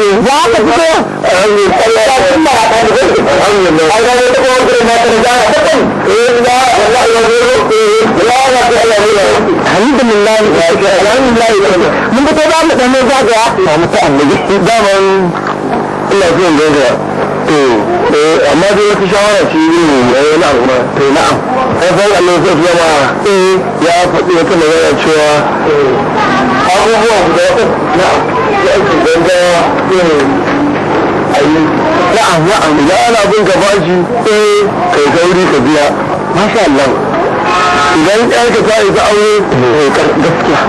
za ka fito ba ta ina ma ya zama eh ya faɗi wata magana cewa abubuwa guda uku na'am na'am idan ana bin ka bashi eh kai ka biya masha Allah idan ɗan ka ta isa aure gaskiya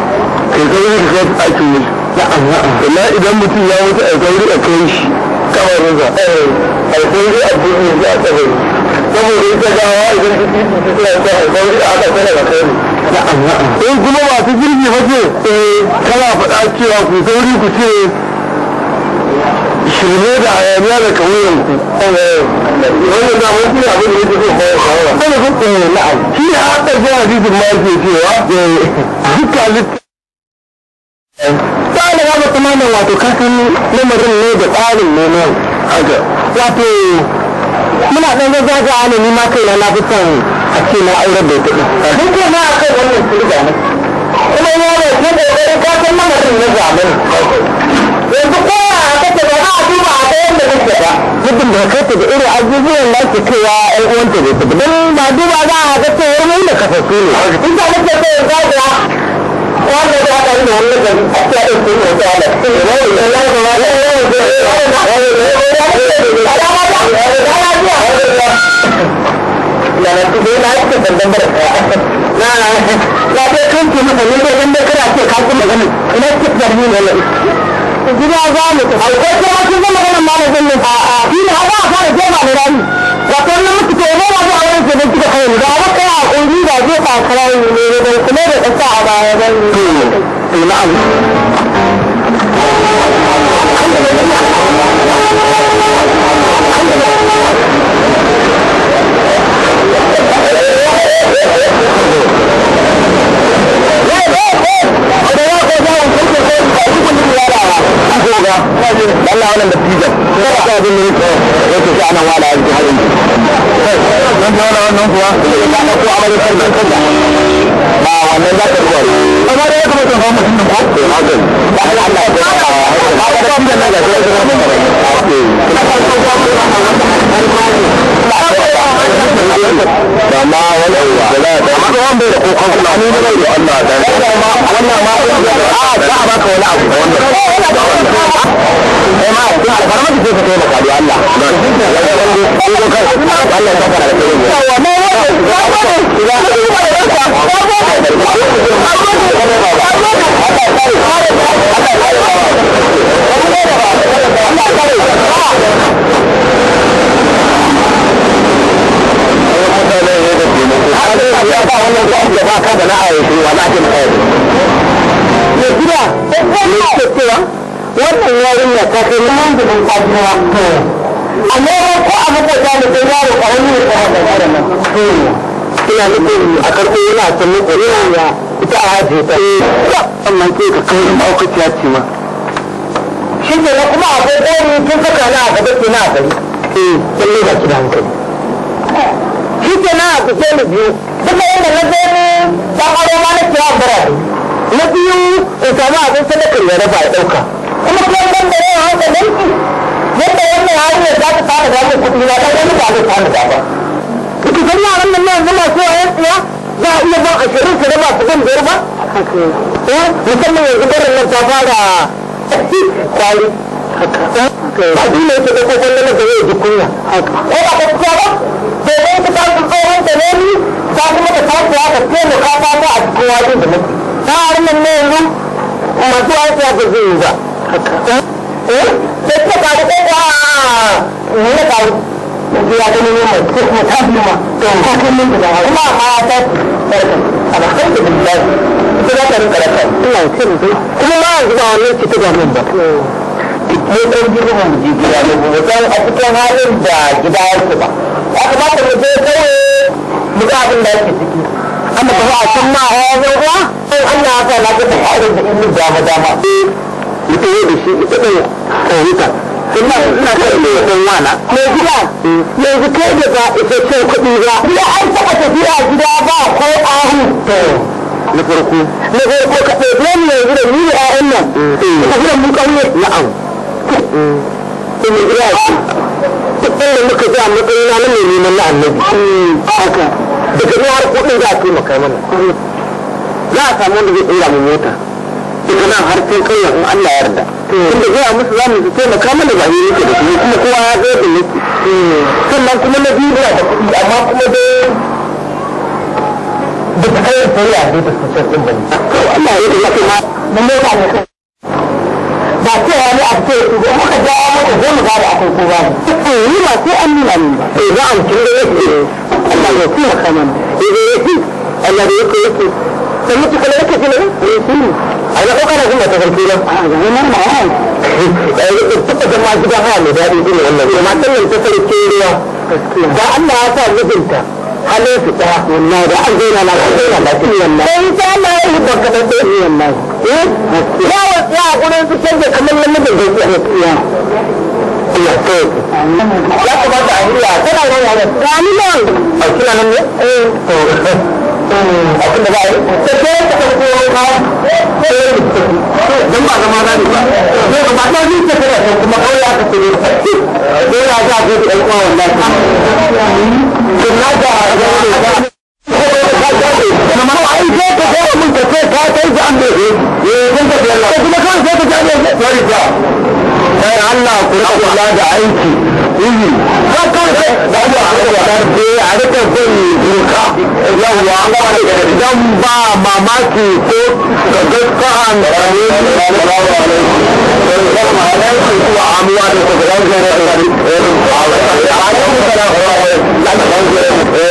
kai sauri ka kai aikin ne na'am na'am sannan idan mutum ya mutu a sauri a kai shi kamarinsa eh a sauri a duniya ya a tsabari saboda ita gawa idan ta titi ta tsira ta haifar da aka tsara da kai in kuma masu jirgi ba ce eh kana faɗa cewa ku sauri ku ce shirme da hayaniya da kauyen ku wannan da mun kuma abin da yake so ba shawara sai ku ku shi ne a ƙarshen hadisin ma yake cewa eh, duka ta da ba ta mana wato ka lamarin ne da tsarin neman haka wato muna dan zazzaga alimi ma kaina na fi a ce na aurar da ita din duk na akan wannan kulga ne kuma yana da kokarin ka san lamarin na zamani yanzu ko kake da za a duba a kayan da kake ba mutum da kake da irin abubuwan da ke kaiwa ƴan uwanta da don ba duba za a ga cewa wani da kafafu ne in wanda yi da wani da ne na yi kan dambar na na dai ne kuma ganin ina ne gida za mu tafi. Akwai kuma kun zama ganin malamin nan. A'a. Ni ba har za a fara yake cewa wannan yarinya ta kai nan da mun kajiya amma ko a makota da sai yaro ka wani ne ka da nan ina nufin a karko yana sanni ko yana ita a haje ta sannan sai ka kai ma'aukaciya ce ma shi ke na kuma akwai ɗori tun saka na a gaba ke na a gari eh lalle ba ki da hankali shi ke na a kusa biyu duka yadda na zai ne ta ƙwaro ma na ke na biyu in samu abin sadakar ya raba ya ɗauka kuma kuma ban da yawan hankalin ki yadda wannan hanyar za ta fara zaɓin kuɗi na ɗan wani ba zai samu ba ba. Iki san yaran nan na yanzu a wayan za a iya ban ashirin su raba su ban biyar ba. Eh, musamman yanzu barin nan ta fara kwari. Ba ne ta ɗauko kwallon da zai ji kunya. Ko ba ta kuwa ba? Domin ta tashi tsohon ta ne ni ta kuma ta tashi ya taimaka ta a cikin wajen da mutum. ba a nan masu aiki ba eh? eh? sai ta karu ko ba ne na karu ya ne mai kuma ta fi ma kan da kuma a ta kuma ma ba ɗan ne a cikin halin da gida ba ya kamata mu je kawai mu ga abin da ciki amma ba a san ma ya zo ba sai Allah ya sa ka ta fara da ilmi dama dama da shi ita ne kawuta ina ina kai ne da wana mai gida yanzu kai da ba ita ce kuɗi ba ya an taɓa tafiya gida ba ko ahu to na farko na farko ka ɗauki wani yanzu da ni da ƴaƴan nan ka eh. gina mun ƙauye na'am kuma eh. gida ta ɗaya muka ji a matsayina na mai neman na annabi eh, haka daga ni har kudin za a taimaka mana za a samu wanda zai tsira mu mota daga nan har sai kai in Allah ya yarda tunda ya musu za mu su taimaka mana ba yi da su kuma kowa ya zai da yake sannan kuma na biyu da kuɗi amma kuma dai duk kai sai ya bi da sosai din bane to Allah ya yi maka mun ne ba ba ce ya ne a ce ko muka ja muka zo mu gari a kan ko gari eh ni ba sai an nuna min ba eh za a mutum da yake Allah ya kuma kana eh da yake Allah da yake yake sai mutum kala yake kala eh shi ai na kokara kuma ta farko ba a ga nan ma ai eh ta ta ma gida ha ne dadi ne wannan kuma tallan ta farko ruwa da Allah ya sa mijinta halin su ta wallahi da an zaina na zaina da kin wallahi sai ta mai bakata da yin wallahi eh ya hakurin su canza kamar lallan da zai iya iya to ya kamata a iya tana nan yana gani nan a kina nan ne eh to ba ta ce ta ka dan ba zama na ne ba ne ba ba ta ni ta kira kuma kawai ya ta ya wannan na ga هو عايز ايه ده من تفكير عايز اعمل ايه ايه انت ده كده كان ده بتاع ايه طيب ده اي الله قرات الله ده عينتي ايه فكر ده ده عرفت ازاي يوكا يلا الله جنب ماماكي تو كذبت عن رميل الله عليك السلام عليكم وعموالكم غير غير غير عليكم السلام ورحمه الله وبركاته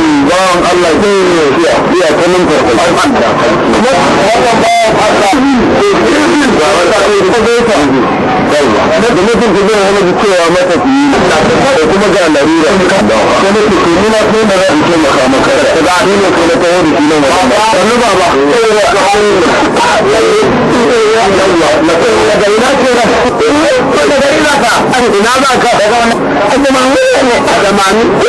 bawan Allah zai yi wasiya iya ta nan farko wannan bawan Allah ba ta ta da cewa mata ku yi kuma ga larura da wata ko ku ko da maka ne ko wannan ba ba ina ce da ina ka ina ba ka daga wannan ne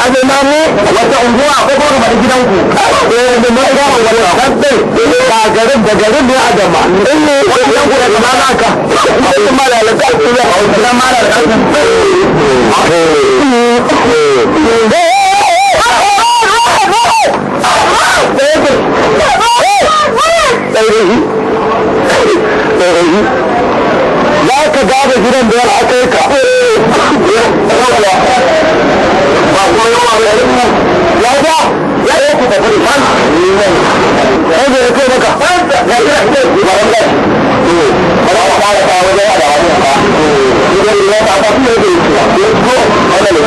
azumami wata unguwa ko ko rubuta gidanku da ne adama in ne wannan za ka gada gidan da ya kai ka ya ba ya yi ku tafi man kai da ya kai maka ya kira ke baran da shi ba za ka fara kawo da yawa da wani ba idan ya ta yi fiye da ya ce ko wanda ne ka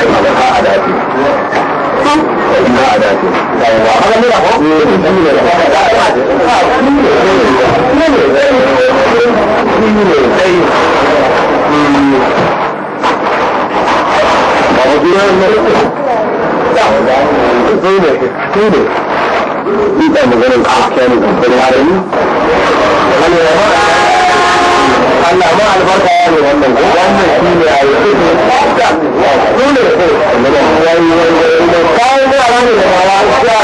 za a dace za maganar Allah ma albarka ya ne wannan wannan shi ne ayi dole ne wai wai wai kai ne ran da ma ya ta ba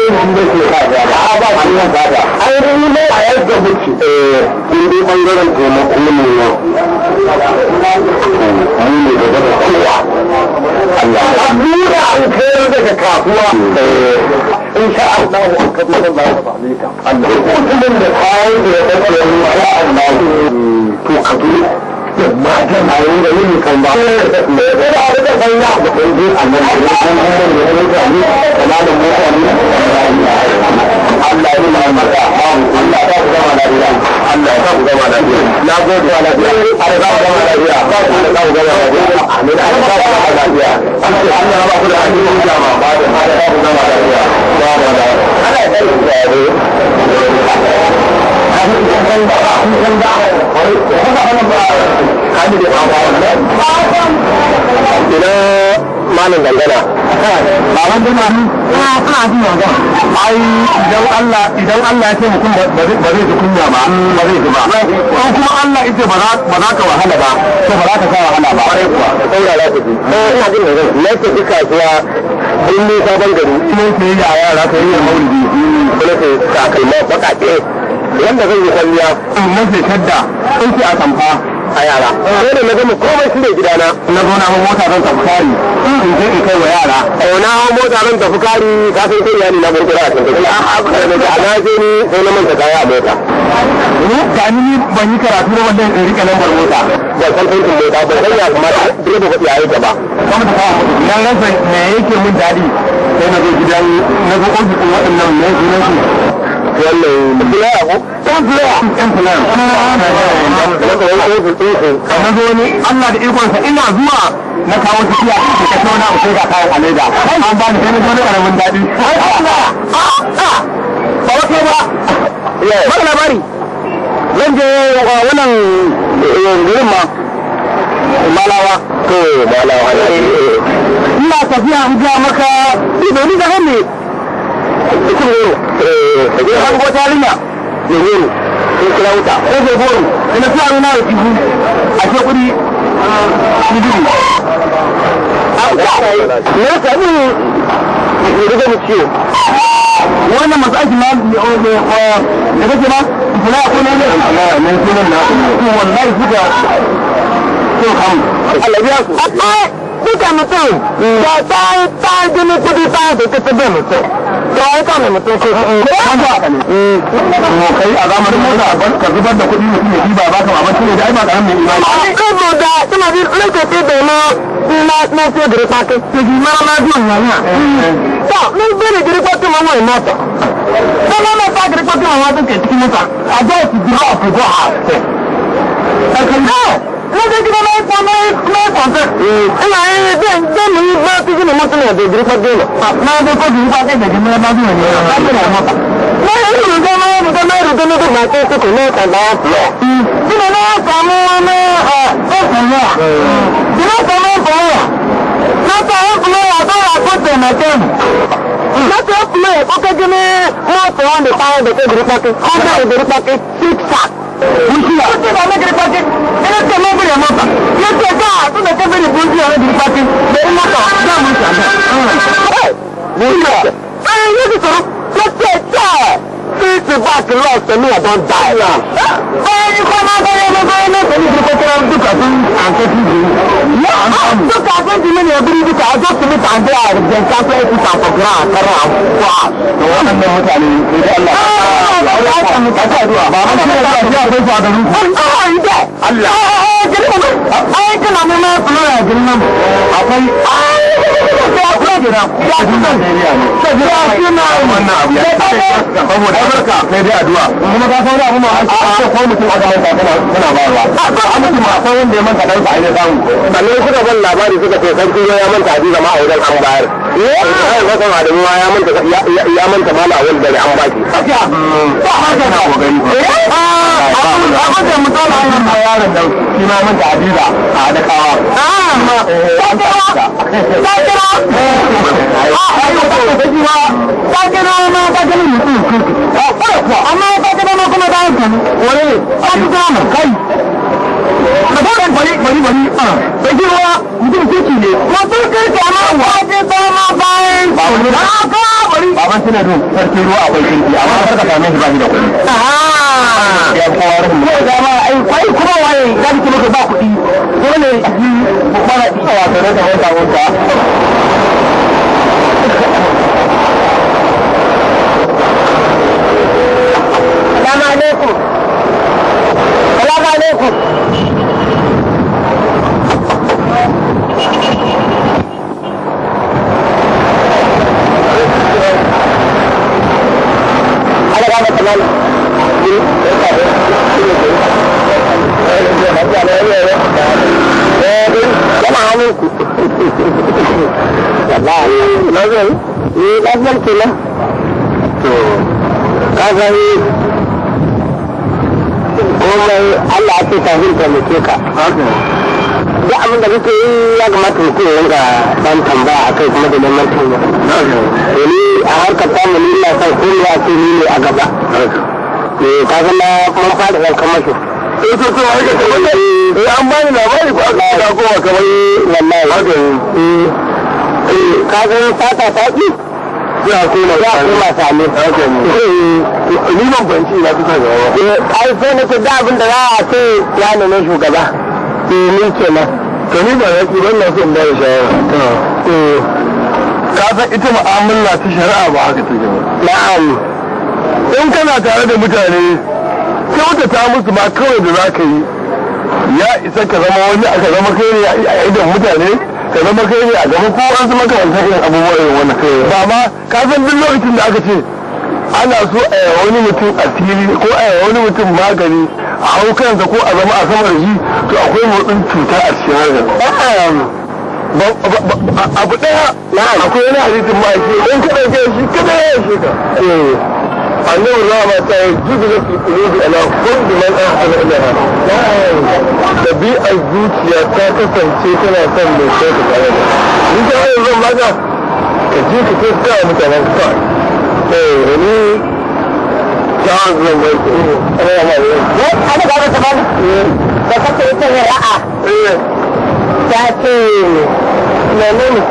ne da ke ka ga ba ba shi ne ba da ai ne ne a yadda muke eh in dai bangaren ko na kuma ne ne ne da da kowa Allah ya an kai daga kasuwa eh. in Allah an Allah da kai da to ka bi da da ba ya Allah ya Allah ya ku zama lafiya Allah ya ku zama lafiya na gode wa lafiya Allah ya ku zama lafiya Allah ya ku zama lafiya Allah ya ku zama lafiya an ce an ba ku da hannu mun jama ba da ma da ba ku zama lafiya ba ma da ana da tsare an ba da san ba ko ba an ba kan da ba ba wannan ina da dangana ba ran da ma a ah, ka ah, ji ba ai idan Allah idan Allah ya ce mutum ba zai ji kunya ba ba zai ji ba ko kuma Allah ya ce ba za ka wahala ba to ba za ka sa wahala ba kwarai kuwa saurara ku kana jin mai na ce duk kasuwa sun ne sabon gari sun ne ya yara ka yi maulidi kuma ce takalma bakake wanda zan yi kwalliya amma sai kadda sun ce a samfa a yara sai da na gama komai shi ne gidana na zo na mota zan tafi kari in je in kai wa yara o na hawa mota zan tafi kari ka san kai yani na burkura a tantace a haka da na je ni sai na manta kaya a mota ni ban yi karatu na wanda in rike lambar mota da kan aikin mota ba zai ya kamata direba kuɗi a yi gaba. Nan rasa me yake min daɗi sai na zo gidan na zo ofishin waɗannan me gidan su. Wannan fulaya ko? Ɗan fulaya. Ɗan fulaya. Na zo ni Allah da ikonsa ina zuwa na kawo tafiya da ka tauna a sai ga kayan alaida. An ba ni sai na zo na ƙaramin daɗi. Ai Allah! Ba wato ba! Mara labari! zan je wannan eh, gurin ma malawa to malawa ne ina tafiya an ga maka ido eh, ni da hannu kun ne eh, eh an go tarinya ne ne ko kira wuta ko go boro ina fi aruna yi tihu a ke kuri ni dubi ne ka ni ni da mu ciwo wannan masu aiki na da kake ba kula kuna ne amma nan kuna na ku wallahi kuka ko kam Allah ya ku kuka mutum da ta gini kudi ta da mutum da ne mutum ko ko kai a zamanin mota ban ka zubar da kudi mutum ya diba ba ka ba shi ne da ai ba imani bi da na na ce gari ke ji ma biyan sa min bere giri kwati mama e mata sa mama sa giri kwati mama to ke tiki musa a go to the law to go out e ke no no de giri na ko na na ko te e na e de de mi ba ti giri mo to de lo na de ko giri kwati de giri ni de mo na mo na ru de ni de ma ko to ko na ka ba lo ti na na mo na a ko ko ya Ramadan. Lọ́sẹ̀ ó okay, lóye kókó jí ní mọ́ọ̀tì wọn lè the ọ̀dọ̀ kébìrì pọ́kí. Ọ̀dọ̀ kébìrì pọ́kí six pack. You see? Nkiya. Ó ti bọ̀ ọ̀dọ̀ come. pọ́kí. Ilé tí mo bìrì mọ́ta. Yóò ti ẹ̀ka àtúntò kébìrì bú sí ọ̀dọ̀ kébìrì Hey, Bẹ̀rẹ̀ mọ́tọ̀ dáàmú ìṣàgbà. Nkiya. Ẹ fíìsì báàkì lọ́ọ̀ sẹ́mi ọ̀dọ́ dá ẹ̀ náà. bẹ́ẹ̀ni kọ́ máa bọ́ yẹn lọ́wọ́ yẹn lọ́wọ́. èyí ti kókó ẹni dúkà fún àǹkẹ́tì yìí. yóò á dúkà fún ti mímu ẹbí dúkà ọjọ́ tó ní tàǹdé àrùjẹ káfíń ti tàǹkọ̀ gíra àkàrà àkùkọ à. ọ̀rọ̀ ẹ̀ mọ̀ mọ́tàlì ìgbàlá. ọ̀rọ̀ ẹ̀ mọ̀ mọ́tàlì ìgbàlá. ai kana mai mai fulora girman akwai ya kuma gida ya kuma Najeriya ne ya kuma wannan abu ya saboda barka kai dai addu'a kuma ka saura abu ma an ce ko mutum aka mai kana kana bayarwa a mutum ma akwai wanda ya manta dan sa ai ne samu balle kuka ban labari suka ce sarki ya manta hadisi ma a wajen an bayar Ibrahim Hassan Adamu ma ya manta ya manta mala awal dare an baki. Ba haka na kokari ba. A manta misali an manta yaron da shi ma manta Adiza a Adakawa. Ah, ta kira. Ta kira. Ah, ayo ta kira ma. Ta kira ma ta kira mutum. Amma ta kira ma kuma ta kira. Wai, ta ma kai. yi bari a da mutum kirki ne ko sun a kama ko ce sama bayan ba wani ba ka bari baban tana don sarki ruwa akwai kirki amma kar ka same shi ba shi da kuɗi ya kowa rufin ne da ma ai kai kuma waye ya ji kuma ba kuɗi dole ji mara iya wato da wata wata Assalamu alaikum. Assalamu alaikum. ka Allah ya ce duk abin da muke yi ya kamata mu ya rinka dan tambaya a kai kuma da neman taimako ni a harkar tamu ni ina son ko ya ce ni ne a gaba eh ka ga na kuma fara zan kan eh to to ai ka eh an labari ko ga ko wallahi haka eh, eh ka ga fata ta ki ya ya sami eh, eh. ni ban na gaba ai sai da abin da za a ce ya nuna shugaba to eh, mun kenan to ni ba yaki ban na son ba da shawara to eh. ka san ita mu'amala ta shari'a ba haka take ba na'am in kana tare da mutane kyautata musu ma kawai da za ka yi ya isa ka zama wani aka zama kai ne a idan mutane ka zama kai ne a gaban kowa su makarantar irin abubuwa irin wannan ba ma ka san duk lokacin da aka ce ana so a wani mutum a asiri ko a wani mutum magani a hau kansa ko a zama a sama da shi to akwai motsin cuta a cikin harkar abu daya akwai yana hadisin ma'aiki in ka ɗauke shi kada ya yi shi ka eh. annabi za ma ta yi jibi na kulubi ala kulli man ahsana ilaha dabi'ar zuciya ta kasance tana son mai sai ta gare da ni ga yanzu maka ka je ka ce ta mutanen ka eh ni Ada baru teman. Dapat cerita ngeraa. Jadi, nenek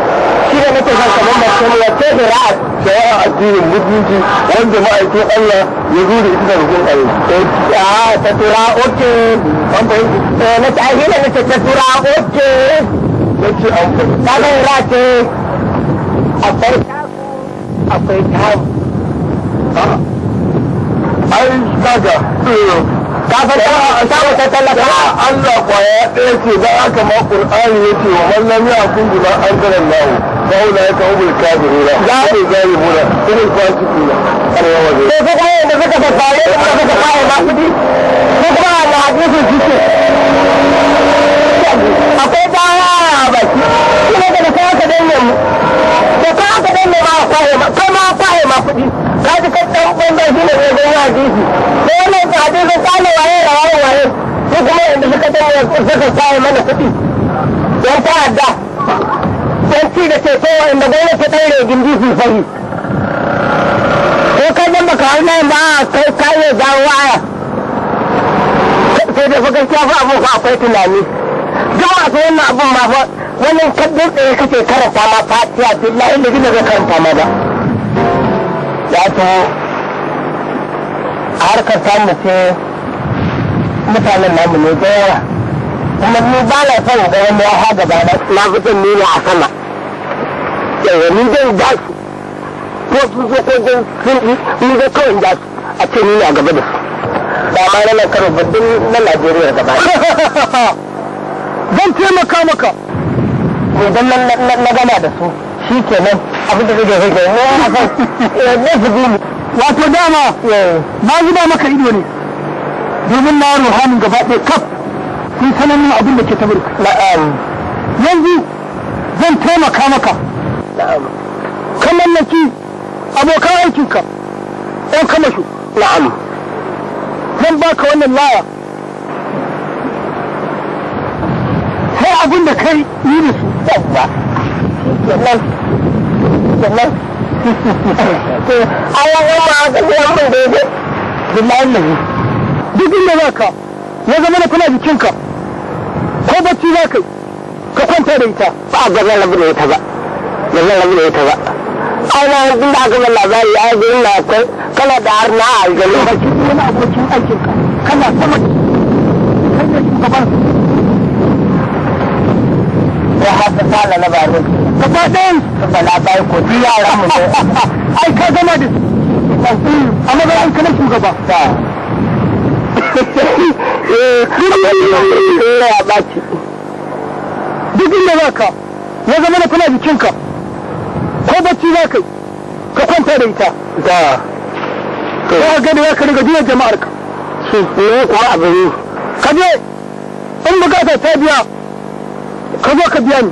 shi da nake son kamar mace mu wace da ra'ad shari'a addinin musulunci wanda ma'aikin Allah ya zo da ita daga gurin Allah. A ta tura oke. An fahimci. Na ta aiki da nake ta tura oke. Na ce an fahimci. Ta nan ra ce akwai taku akwai taku. ai kaga ka san ta wata tallata Allah kwaya ɗaya ce da aka ma Qur'ani yace wa man lam yakun bi ma anzala Allah fa ula yaka hubul kafiruna ya ne zalimuna kuma fasikuna Allah waje to ko kai da suka fafare da suka fara ba kudi ko kuma Allah hadisi kike akwai dawa a baki kuma da ka ka danne mu da ka ka danne ma kwaye ma kai ma kwaye ma kaji ka ɗan ɓangar shi ne ne don ya suka mana kuɗi don ta'adda don ci da ceto inda gwamnati ta fari ko baka ba waya da fa gaskiya fa akwai tunani duk a wannan abun ma fa wannan kaddin tsaye kace karanta ma da gina zai karanta ma ba wato harkar samu ce mutanen namu ne da yawa kuma ni ba na son ga wani ya ha gaba na fi nuna a sama yawa ni zan ja su ko su zo ko zan sun ni zai kawai ja su a ce nuna gaba da su ba ma na nan karo baddin na Najeriya gaba zan taimaka maka idan na gama da su shi kenan abin da kake so ke ne ne wato dama na zuba maka ido ne domin na ruhanin gaba ɗaya kaf sun sanar min abin da ke ta burka yanzu zan taimaka maka kamar na ki abokan aikinka ɗan kama shi na'am zan baka wannan laya sai abin da kai yi da su da da duk inda zama da kana jikinka kwanta da ba a da ba ba labari a yanzu ina da har na mala na bani ka ta dai bala bai ko ji yaran mu ai ka zama da A magana an kana shugaba ta eh ba ki duk inda zaka ya zama da kana jikinka ko bacci zaka ka kwanta da ita da ka gani ya ka riga jiya jama'ar ka su ne kuma abin ka je in bukata ta biya ka zo ka biya ni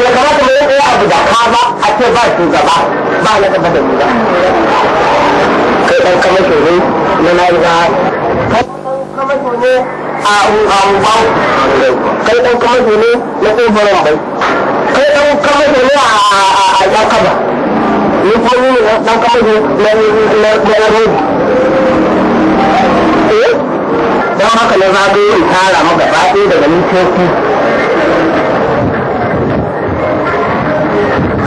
bai kamata mu yi abu da ka ba a ce ba shugaba ba na gaba da mu ba kai dan kamar shugaba na na riga kai dan kamar shugaba a unguwan kai dan kama dole na kai dan kama dole a jakaba ni ko ni dan kama dole na na na robi eh dan haka na zagaye in tara maka ba daga ni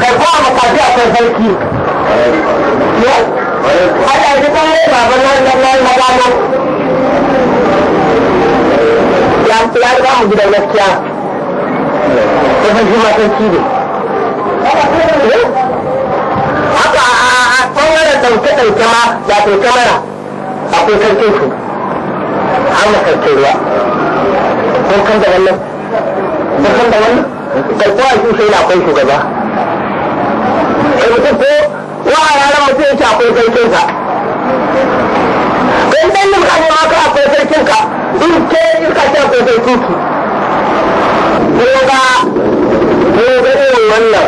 da ko a makafi akwai sarki a yanzu kan yi baban nan nan nan na gano ya ya ga mu gidan gaskiya ko san shi ma sarki haka a tsawon ɗauke-ɗauke ma da ke kamara akwai sarkin su har na sarkin ruwa kun kan da wannan kun kan da wannan da shi sai na akwai shugaba mutum ko wa a ranar mutum yake akwai sarkin sa kai dan yin ka ma ka akwai sarkin ka in ke in ka ce akwai sarkin ki ko ba ko ga irin wannan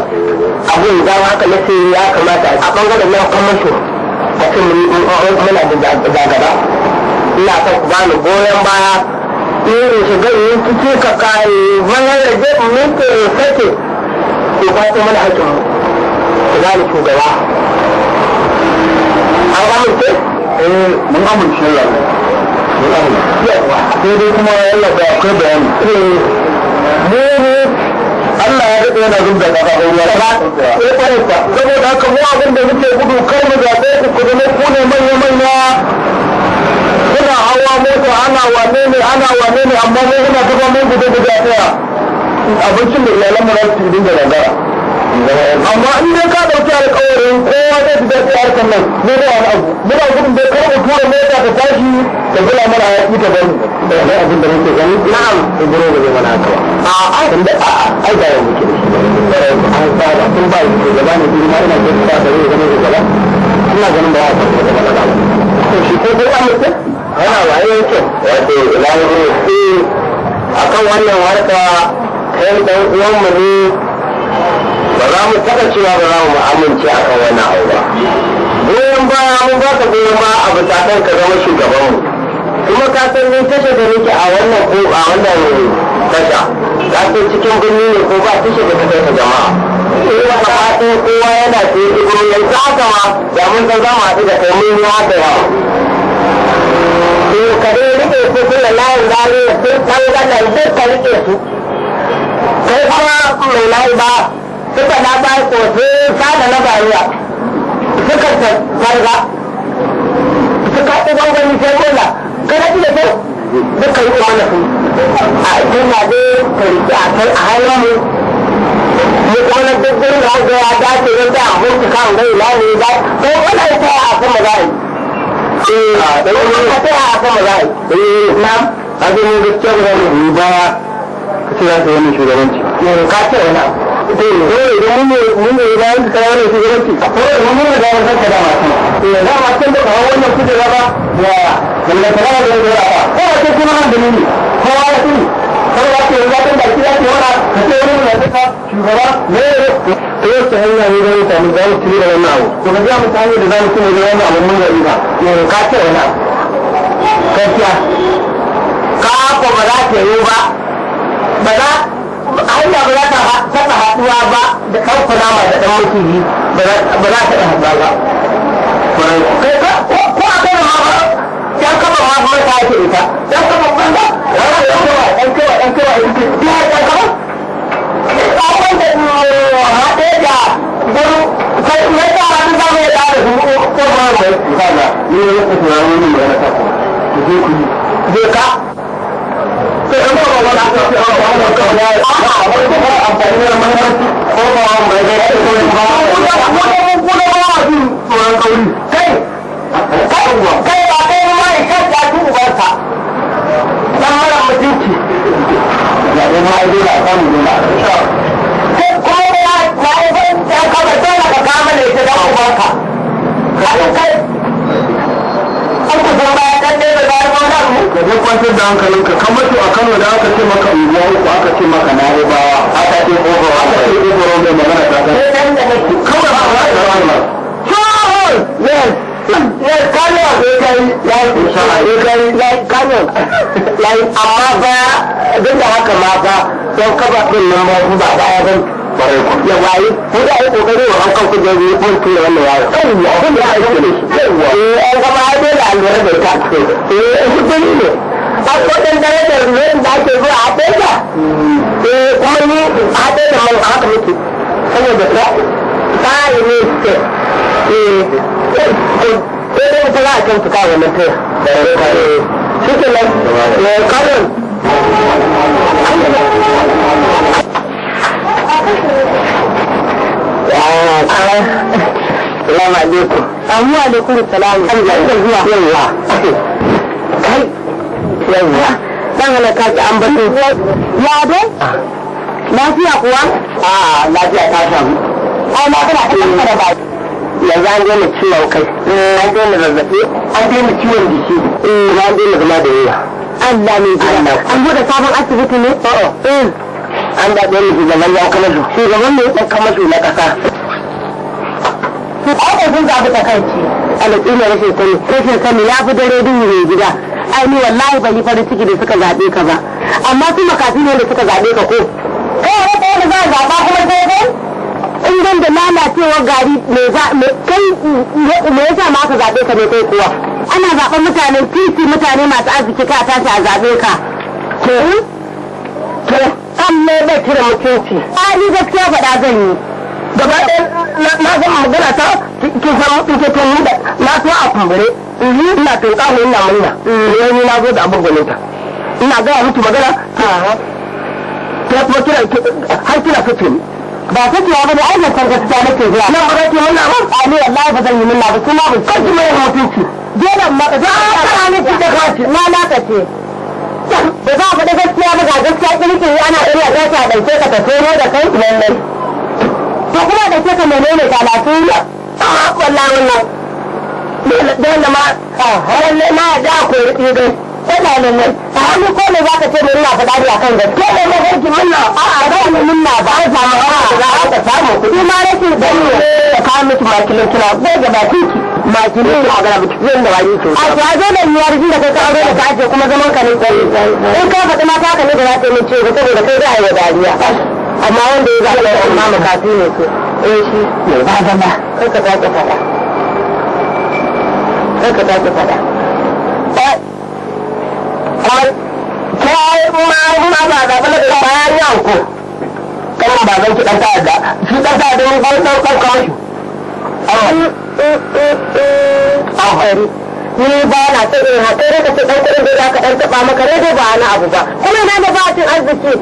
abun da haka na ya kamata a bangaren na kan a ce muna da zagaba ina son ku bani goyon baya irin shiga yi cikin ka kayi bayan da zai mutu sake ko ba su mana hakimu bani shugaba an amince? eh mun amince ya yawa sai kuma yalla da akwai bayani eh mu Allah ya daɗe yana zubda da ƙafafun ruwa ta ya fahimta saboda haka mu abin da muke gudu kar mu zaɓe ku ku zama ku ne manya-manya kuna hawa mota ana wane ne ana wane ne amma mu muna tafa mun gudu gudu a tsaya abincin da iyalan mu na su dinga gagara amma in dai ka dauki alƙawarin kowa zai fi dace harkar nan ne da wani abu muna gudun dai kar mu tura mota ta tashi ta gula mana hayaki ta bari da wani abin da muke gani na'am to gure da mana haka a ai da a ai da muke da shi an saba tun ba shi gaba ne din ma ina ganin ba sai zama da gaba ina ganin ba wata da gaba da to shi ko ko an mutu ana waye yake wato ilahi ne akan wannan harka kai ɗan uwan mu ne ba za mu taɓa cewa ba za mu amince a kan wannan abu ba goyon baya mun ba ka goyon ba a bisa kan ka zama shugaban mu. kuma ka san ni tasha da nake a wannan ko a wannan tasha ka san cikin birni ne ko ba tasha da ka ta jama'a sai ba ka fatan kowa yana sai ko yanzu haka ma da mun san za mu da kai mun yi haka yawa ko ka dai rike ko suna layin zare sun tangalan da ka rike su sai kuma mai layi ba suka na ba kofi sada na bariya suka sarga suka uban gani sai kola. kada ki da ko duka yi na da a cikin na dai kariki a kai a hannun mu mu kona duk gurin da haka ya dace don da a hulki kan gai lani ba ko wani ta a kuma za yi eh a ɗaya ne a kuma za yi eh, na a zai ne gaskiya ba ne ba ka ce za su yi wani shugabanci eh, ka ce wani dole idan mun mun yi bayan da tsara ne da ba ta hanya ba ne ba za ta yi ba ba za hanya ba za ta taɓa haɗuwa ba da ɗan kunama da ɗan maciji ba za ta taɓa ba. Ko a kai da ma ba, kama ma ba ta yake ita, ya kama ban ba, ya kama ɗan kewa ɗan kewa ɗan kama ita, ya ɗan kama. Ƙafan da haɗe da gano sai ya ta kama za mu ya kama su ko ma kama ya ta na, ni ya yi kusurarwa ne ya kama tafi, ku je kama yi. kama ka. a Thank you. don kaba ɗin nan ba ba baya ba ya wayi ko da ai kokari wa hankan ku da yi ko ku wannan ya yawa abin da ai ke yawa eh an gaba ai dole an da ta eh shi gani ne an ko dan darajar ne da ake zuwa a daga eh kuma ni a daga mun haka muke saboda ta tayi ne ce eh ko dai ku za a kan fita wannan ta eh, shi ko nan eh kawai Salamu alaikum. Salamu alaikum salamu. An zai da zuwa. Yawwa. Kai. Yawwa. Dan hana ka ki an batu. Ya dai? Lafiya kuwa? A lafiya ta samu. Ai na kana kan da ba. Yanzu an daina ciwon kai. An daina zazzabi. An daina ciwon jiki. An daina zama da yawa. Allah ne gida. An bude sabon asibiti ne? A'a. Eh. An zaɓe ni shugaban ya kama su. Shugaban ne ya kama su na ƙasa. Ai da sun zaɓi ta kanci. Alaƙina rashin sani. Rashin sani ya fi dare duhu mai gida. Ai ni wallahi ban yi farin ciki da suka zaɓe ka ba. Amma su makafi ne da suka zaɓe ka ko. Kai wata yadda za a zaɓa kuma sai kai? in ban da lalacewar gari me kai me yasa ma aka zaɓe ka ne kai kuwa. ana zaɓen mutane titi mutane masu arziki ka tashi a zaɓe ka ke hmm? ke an ne bai kira mutunci a ni gaskiya faɗa zan yi gaba ɗaya na san magana ta ki san mutunci ta ni da na so a kumbure mhm. ina tunka mu ina murna yanzu mhm. na zo da abin gwaninta ina gaya mutu magana ta kuma kira har kira kace ni ba ta ce ba da ai ban san ta nake zuwa Na ba kake murna ba a ni wallahi ba zan yi murna ba kuma ban san kuma yin mutunci Dole ma ka fara ni ki da kaci na lakace. Da za ku da gaskiya ba ga gaskiya kirki ana iya ga ta dauke ka ta tono da kai lallai. To kuma da ke ka menene ta lafiya? wallahi wannan. Dole ma a halalle ma da ku yi dai. Sada lallai. A hannu ko ne za ka ce mun na faɗa da kan gaskiya. Dole ma kai mun na a a ba mu mun na ba a samu a za ka samu kuɗi ma rashin dani ne ka kawo miki makilin kina goge ba makini ne a gara biki yin da wani ke a to zo da yiwuwar jin da kai aure da ka kuma zaman ka ne tsari in ka faɗi mata ka ne ba za ta yi ce saboda kai za a yi wa dariya amma wanda ya zaɓa ya amma makafi ne ke eh shi ne ba zama kai ka sake faɗa kai ka faɗa kai eh. ma ba zan ta'adda shi ta'adda ba ni ba na son in haƙe da kace ɗan kuɗin da za ka ɗan taɓa maka rai ba wani abu ba kuma ina da ba a cin arziki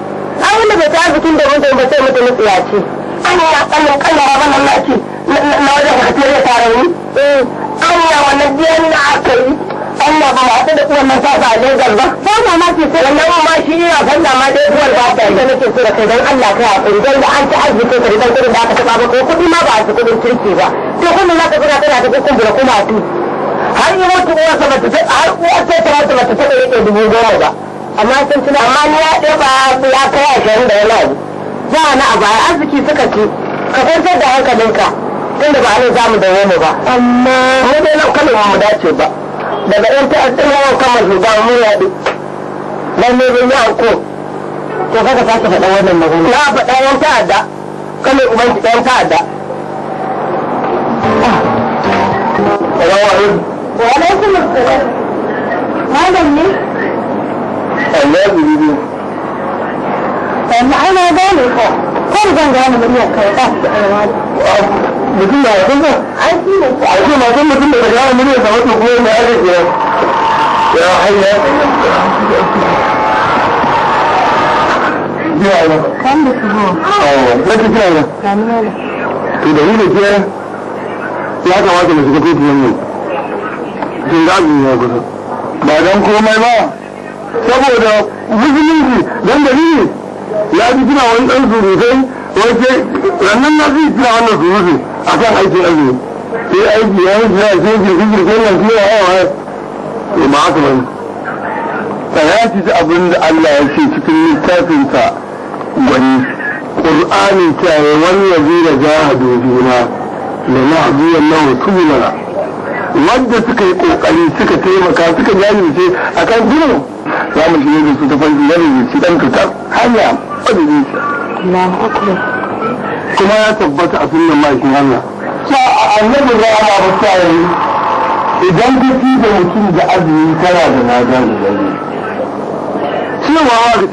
ai wanda bai ta arzikin da mutum ba sai mutum ya ce an ya kallon kallon rabon nan na wajen ya da tarayi an ya wannan biyan na aka yi Allah ba ma da wannan sasa a Lagos ba. Ba ma ma ke sai. Wannan ma shi ina fanda ma dai uwar ba ta da nake so da kai don Allah ka hakuri don da an ci arziki ka dan gurin da aka taba ba ko kuɗi ma ba su kudin kirki ba. To kun za ka gura kana ta kumbura kuma tu. Har yi mutu uwarsa ba ta har uwarsa ta mata ba ta taɓa rike dubu goma ba. Amma sun tuna amma ni ya ɗeba ya kai ashirin da wani abu. za wani abu a arziki suka ci ka kwantar da hankalinka tunda ba a nan zamu mu mu ba. Amma mu dai nan kalin mu dace ba. daga yan ta'addin yawan kamar su zamu mun yaɗu dan ne bin yawan ko to kaka sake faɗa wannan magana na faɗa yan ta'adda kamar ubanki yan ta'adda Allah gane ko, gane muryar kai ba su da mutum da kun ga aiki a ce ma kun mutum da daga yaran murya sama to kuma mai aka ke ya hayya ya ya kan da su zo oh da kike ya to da ni da ke ya kamata mu shiga kotu wannan kin ga abin ya gudu ba dan komai ba saboda musulunci dan ni ya ji kina wani dan surutai wace rannan na zai kira wannan surutai Akan kan aikin azumi sai aiki ya mutu ya sai jirgin jirgin nan kuma wa hawa Ya ma haka bane tsaya ci abin da Allah ya ce cikin littafinsa wani ƙur'ani ta yi wani yabi da jahadu juna da ma'aziyar nawa tumana wadda suka yi ƙoƙari suka taimaka suka jajirce a kan gudun za mu shirya da su ta fanki na rubuci ɗan tutar hanya wadda zai kuma ya tabbata a sunan mahaifin Allah ta annabi da Allah ba ta yi idan ka fi da mutum da azumi kana da na da gani cewa wa ga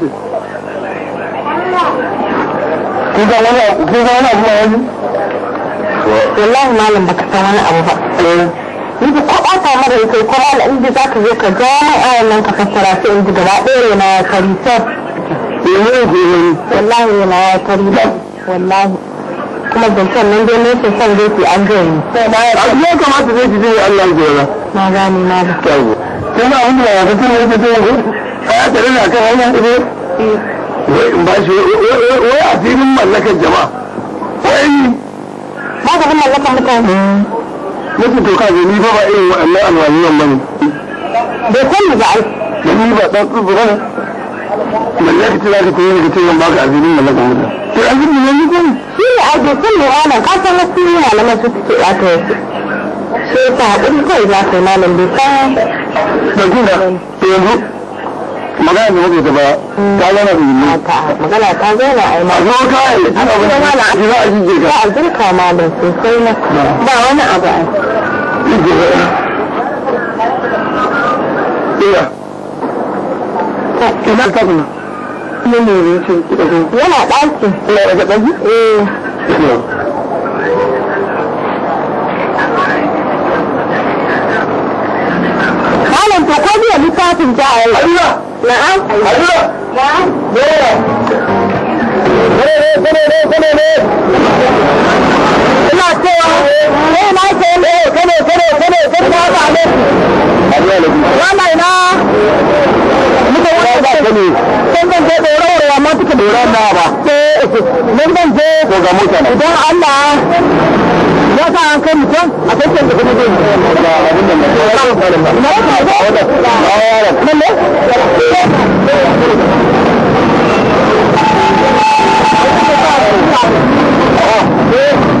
kun ga wani abu Ku ga wani abu ba wani wallahi malam baka san wani abu ba ni ko kwata mara ita ko malam inda zaka je ka ga mai ayan nan ka fassara sai in ji gaba ɗaya na karisa wallahi na karisa wallahi kuma zancen nan dai nake son zai an gani. Abu ya kamata zai ki Allah ya gora. Na gane na da. Kyau. Sai ma abin ya ga tun yake zai yi. Kaya tare na kan hanya ido. ba shi wai a filin mallakar jama'a. Wai ba ka mallakar mutane. Hmm. Nake to ka ni fa ba irin waɗannan alwaniyan bane. Bai san mu ga Da Ni ba dan tsubu bane. Mallakar ta za ka koyi daga ba ka a mallakar mutane. To a filin mallakar mutane. shi ne a jikin mu ana kasan wasu malamai su suke shi za yi malam bai da gina yanzu magana da ta da magana ta a yi ma zo yi ana wani malam a jira a jije ka a zurka malam sosai na ba wani abu a yi ina ta kuma kuma ne yake yana ɗaki mai ragaɗaji eh malam to ko biya littafin a yau na'am na'am suna cewa eh Michael eh kano kano kano kano na ba ne wala ina muka wata ce sun ban je dora wa ma suka dora na ba mun ban je ko ga mota idan Allah ya sa an kai mutum a tantan da kuma zai Thank you.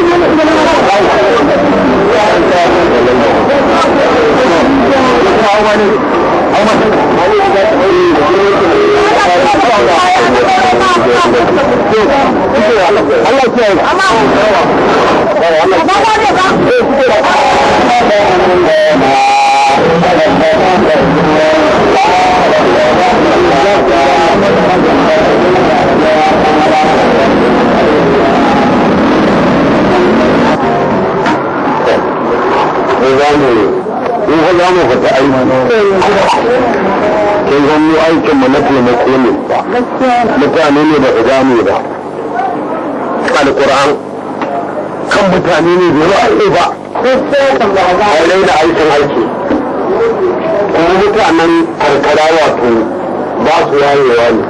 za mu faɗi aiki kin san mu aikin mu na taimako ne mutane ne ba su gane ba alkur'an kan mutane ne bai ra'ayi ba kwarai da aikin aiki kuma mutanen karkara wato ba su wayewa ne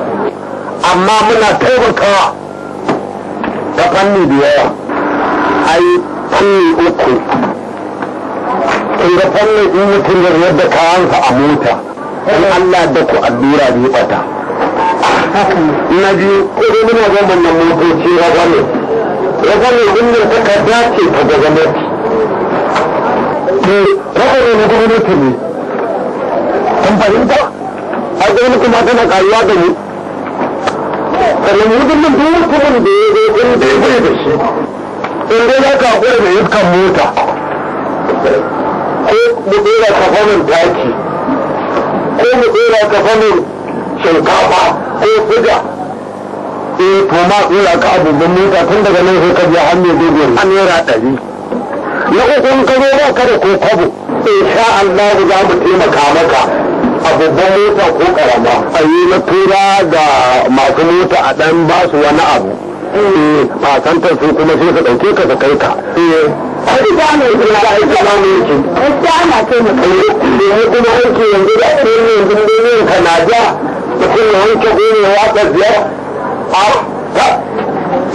amma muna taimakawa ta fanni da yawa ai fanni uku kun ga fannin in mutum ya yadda kayansa a mota in Allah da ku allura bata na biyu ko dai muna ga wannan motoci ya gane ya gane wannan takarda ta daga gwamnati takarda eh, na gwamnati ne kun fahimta a gwamnati kuma tana kariya da mu sannan mutumin duk mutumin da ya zo in dai bai da shi in dai ka hakura da iskan mota ko mu dora kafanin daki ko mu dora kafanin shinkafa ko fuga eh to ma dora ka abubuwan mota tun daga nan sai ka biya hanyar dogon a naira ɗari na uku in ka zo ba ka da ko kwabo insha Allah za mu taimaka maka abubuwan mota ko karama a yi na tura da masu mota a dan ba su wani abu fasantar eh, su kuma sai ka ɗauke ka su kai ka eh. Ai ba mai kula da aiki ba mai yake. Gaskiya ana taimaka ne. Domin kuma aiki yanzu da ake yi yanzu ne yin kanaja da kuma wanke gome wata biyar. A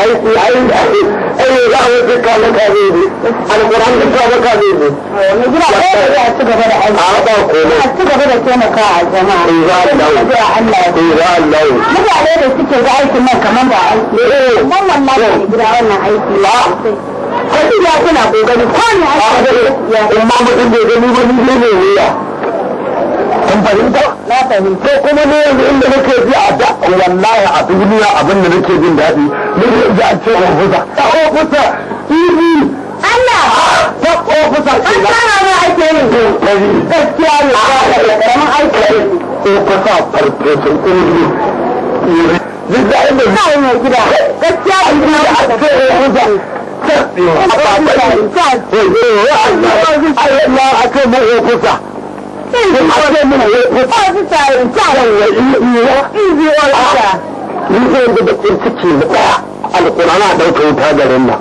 aiki ai ai za a wasu kawo ka zai da kawo ka zai bi. Mai gida ko da za a ci gaba da aiki. A ba komai. A ci gaba da taimaka a jama'a. In za Allah. In za Allah. In za Allah. Mutane da suke ga aikin nan kamar ba aiki. Eh. Wannan lafiya gida wannan aiki. wasu ya kuna kokari ko ne a kare ya in ma mutum bai gani ba ni ne wuya kun fahimta na fahimta kuma ne yanzu inda nake ji a da wallahi a duniya abin da nake jin daɗi ne ji a ce ofisa ta ofisa ibi e Allah ta ofisa ce ba ta ake yin gaskiya ne ba ta aiki ofisa farfesun ingili e duk da zai yi gida gaskiya ne ba ta alkurana ɗauka wuta garin nan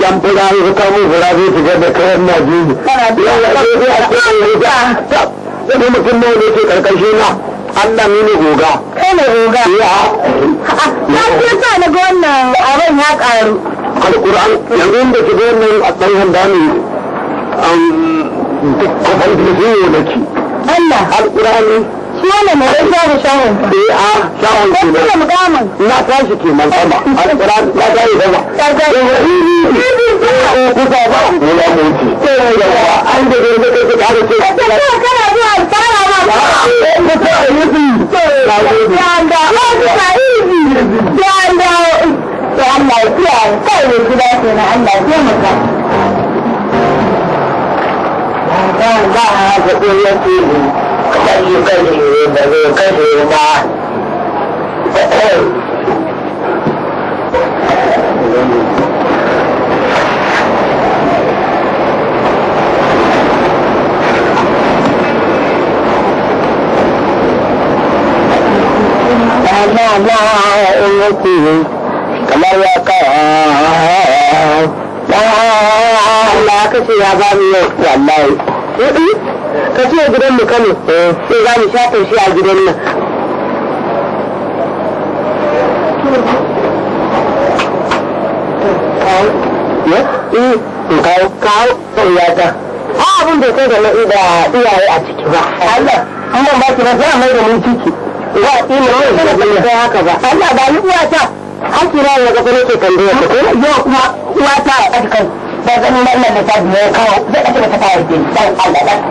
yan fura yi wuta mun fura zai shiga da kayan najeriya kana biya da kayan wani mutum ne da ke karkashi na Allah ne ne goga. Kai ne goga? Ya. Na ce sa na ga wannan abin ya karu. alkur'an yanzu da ki nan a ɗan handa ne kwakwal da zuwa da ki Allah alkur'ani shi wanda mai rai shawon shawon eh a ah, shawon ke nan kuma mukamin na tashi ke man sama alkur'ani ta tashi sama ta tashi eh, eh, eh, kusa ba wala mutu ba. an da gaba da ka kare ce kana zuwa alfara ma ba ko ta yi ta da ba ta yi ta da to Allah ya kiyaye kai ya gida kenan Allah ya taimaka dan ba ha ga ɗoyon ɗoyi kai kai da zai kai ba Allah ya Allah ka ce ba mu yau wallahi ka ce gidan mu kano sai za mu a gidan nan a abin da kai da da a ciki ba Allah an ba ki ba da mun ciki ba ina mai da haka ba Allah ba ta an kira ne ga kwanake tambaya ta kuma yau kuma uwa ta a kan ba zan yi wannan da ta biya kawo zai ɗaga ta tayar da dan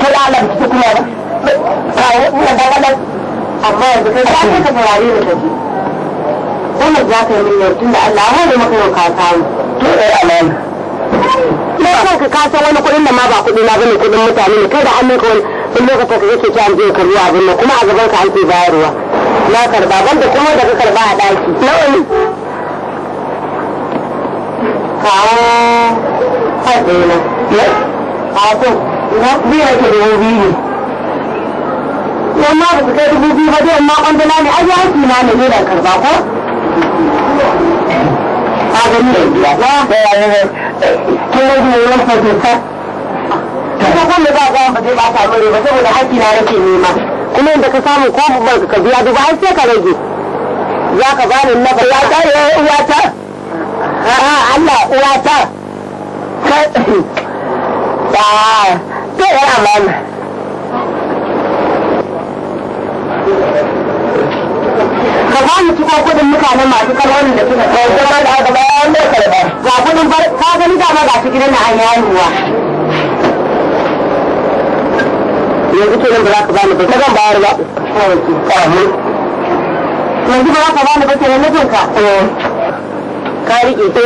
Allah dan ta da Allah ta kuma ba kawo ina da Allah amma yanzu kai ka ka saurare ni da shi wannan za ka yi min yau da Allah ya hore maka yau ka samu to eh amana na san ka ka kasa wani kuɗin da ma ba kuɗi na bane kuɗin mutane ne kai da hannun ka wani in lokacin ka yake ki an je ka ruwa abin nan kuma a gaban ka an ke bayarwa na karba ban da kuma da ka karba a daki nawa ne ka haɗe na a to na biya ke da wani ne. yan ba su kai dubu biyu ba dai amma kwandala ne ai yaki na ne da karba ko a gani da biya ba eh, eh, eh, da ne. kin da yayin fa ta ta kan da ba ba ba ta mure ba saboda hakki na nake nema kuma da ka samu ko ban ka biya duba ai sai ka rage za ka bani na ba ya yi. uwata a'a Allah uwata ta ta yana mana ka ba mu cikin kudin mutane masu kalolin da suka kai kuma da gaba ya karba ga kudin ka gani dama ga su gidan na an ruwa yanzu da za ka bani zan bayar ba yanzu ba za ka bani eh. ka riƙe ta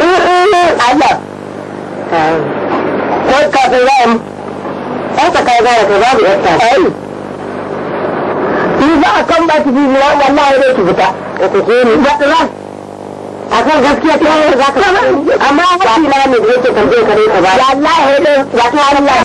eh, eh, ko ka gara ka babu yarta za a kan ba ki bibi na wallahi ne ki fita ni ba ta a kan gaskiya ta za ka amma wani na ne da yake tambaye ka ne ka ba wallahi ne ba ta